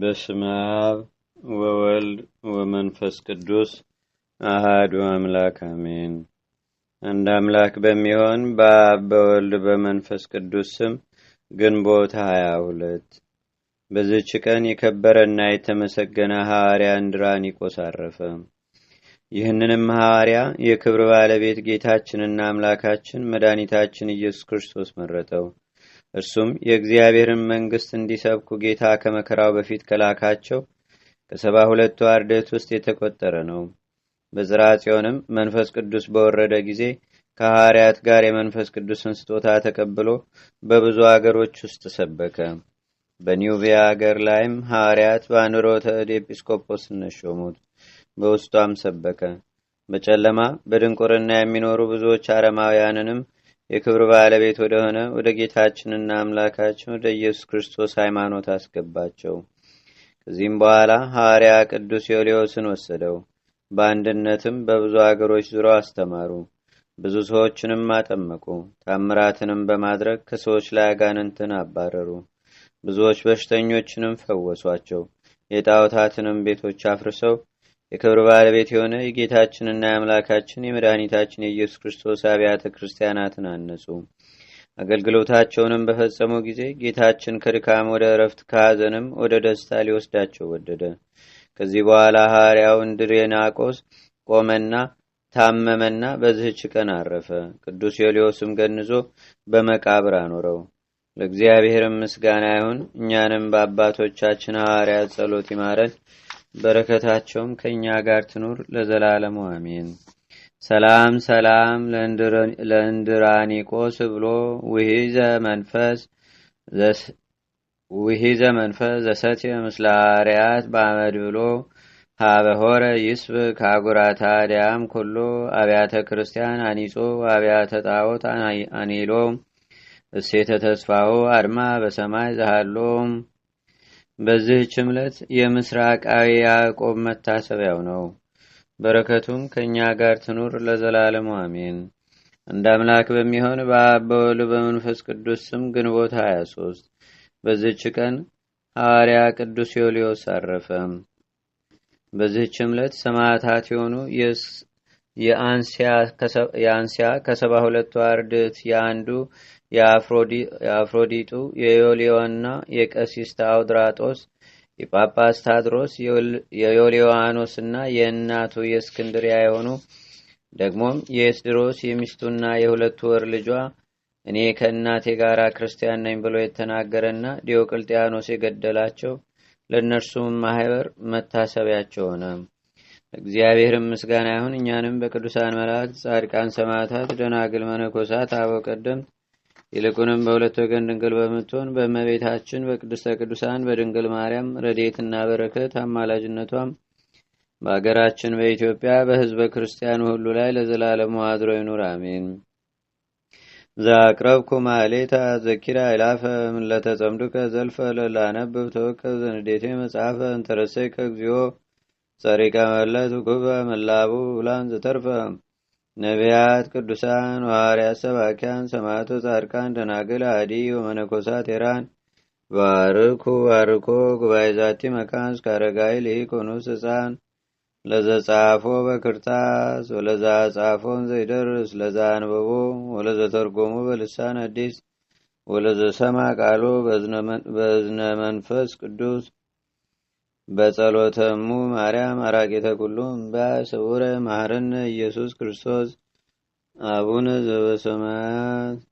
በስመ አብ ወወልድ ወመንፈስ ቅዱስ አህዱ አምላክ አሜን። አንድ አምላክ በሚሆን በአብ በወልድ በመንፈስ ቅዱስ ስም ግንቦት ሀያ ሁለት በዚች ቀን የከበረና የተመሰገነ ሐዋርያ እንድራኒቆስ አረፈ። ይህንንም ሐዋርያ የክብር ባለቤት ጌታችንና አምላካችን መድኃኒታችን ኢየሱስ ክርስቶስ መረጠው። እርሱም የእግዚአብሔርን መንግሥት እንዲሰብኩ ጌታ ከመከራው በፊት ከላካቸው ከሰባ ሁለቱ አርደት ውስጥ የተቆጠረ ነው። በዝራ ጽዮንም መንፈስ ቅዱስ በወረደ ጊዜ ከሐርያት ጋር የመንፈስ ቅዱስን ስጦታ ተቀብሎ በብዙ አገሮች ውስጥ ሰበከ። በኒውቪያ አገር ላይም ሐርያት በአንሮ ተዕድ ኤጲስቆጶስነት ሾሙት። በውስጧም ሰበከ። በጨለማ በድንቁርና የሚኖሩ ብዙዎች አረማውያንንም የክብር ባለቤት ወደሆነ ወደ ጌታችንና አምላካችን ወደ ኢየሱስ ክርስቶስ ሃይማኖት አስገባቸው። ከዚህም በኋላ ሐዋርያ ቅዱስ ዮልዮስን ወሰደው። በአንድነትም በብዙ አገሮች ዙረው አስተማሩ። ብዙ ሰዎችንም አጠመቁ። ታምራትንም በማድረግ ከሰዎች ላይ አጋንንትን አባረሩ። ብዙዎች በሽተኞችንም ፈወሷቸው። የጣዖታትንም ቤቶች አፍርሰው የክብር ባለቤት የሆነ የጌታችንና የአምላካችን የመድኃኒታችን የኢየሱስ ክርስቶስ አብያተ ክርስቲያናትን አነጹ። አገልግሎታቸውንም በፈጸሙ ጊዜ ጌታችን ከድካም ወደ እረፍት ከሐዘንም ወደ ደስታ ሊወስዳቸው ወደደ። ከዚህ በኋላ ሐዋርያው እንድሬናቆስ ቆመና ታመመና በዚህች ቀን አረፈ። ቅዱስ ዮልዮስም ገንዞ በመቃብር አኖረው። ለእግዚአብሔርም ምስጋና ይሁን። እኛንም በአባቶቻችን ሐዋርያ ጸሎት ይማረን በረከታቸውም ከእኛ ጋር ትኑር ለዘላለሙ አሜን። ሰላም ሰላም ለእንድራኒቆስ ብሎ ውሂዘ መንፈስ ውሂዘ መንፈስ ዘሰት ምስለ አርያት በአመድ ብሎ ሀበሆረ ይስብ ከአጉራታ ዲያም ኩሎ አብያተ ክርስቲያን አኒጾ አብያተ ጣዖት አኒሎ እሴተ ተስፋሁ አድማ በሰማይ ዘሃሎም በዚህ ችምለት የምስራቃዊ ያዕቆብ መታሰቢያው ነው። በረከቱም ከእኛ ጋር ትኑር ለዘላለሙ አሜን። እንደ አምላክ በሚሆን በአበወሉ በመንፈስ ቅዱስ ስም ግንቦት 23 በዝች ቀን ሐዋርያ ቅዱስ ዮልዮስ አረፈ። በዚህች ሰማዕታት የሆኑ የአንስያ ከሰባ ሁለቱ አርድት የአንዱ የአፍሮዲጡ የዮሊዮና የቀሲስ ታውድራጦስ የጳጳስ ታድሮስ እና የእናቱ የእስክንድሪያ የሆኑ ደግሞም የኤስድሮስ የሚስቱና የሁለቱ ወር ልጇ እኔ ከእናቴ ጋር ክርስቲያን ነኝ ብሎ የተናገረና ዲዮቅልጥያኖስ የገደላቸው ለእነርሱም ማህበር መታሰቢያቸው ሆነ። እግዚአብሔርም ምስጋና ይሁን። እኛንም በቅዱሳን መላእክት፣ ጻድቃን፣ ሰማዕታት፣ ደናግል፣ መነኮሳት፣ አበው ቀደምት ይልቁንም በሁለት ወገን ድንግል በምትሆን በእመቤታችን በቅድስተ ቅዱሳን በድንግል ማርያም ረድኤትና በረከት አማላጅነቷም በአገራችን በኢትዮጵያ በሕዝበ ክርስቲያኑ ሁሉ ላይ ለዘላለሙ አድሮ ይኑር፣ አሜን። ዘአቅረብኩ ማህሌታ ዘኪራ ይላፈ ምለተጸምዱከ ዘልፈ ለላነብብ ተወከ ዘንዴቴ መጽሐፈ እንተረሰይከ እግዚኦ ጸሪቀ መለት ኩበ መላቡ ብላን ዘተርፈ ነቢያት፣ ቅዱሳን፣ ዋርያ ሰባኪያን፣ ሰማቶ ጻድቃን፣ ደናግል፣ አዲ ወመነኮሳት ኤራን ባርኩ ባርኮ ጉባኤ ዛቲ መካን እስከ አረጋዊ ልኢኮኑስ ህፃን ለዘጻፎ በክርታስ ወለዛ ጻፎን ዘይደርስ ለዛ አንበቦ ወለዘተርጎሙ በልሳን አዲስ ወለዘሰማ ቃሉ በዝነ መንፈስ ቅዱስ በጸሎተሙ ማርያም አራቂተ ኩሉ እምባ ስውረ ኢየሱስ ክርስቶስ አቡነ ዘበሰማያት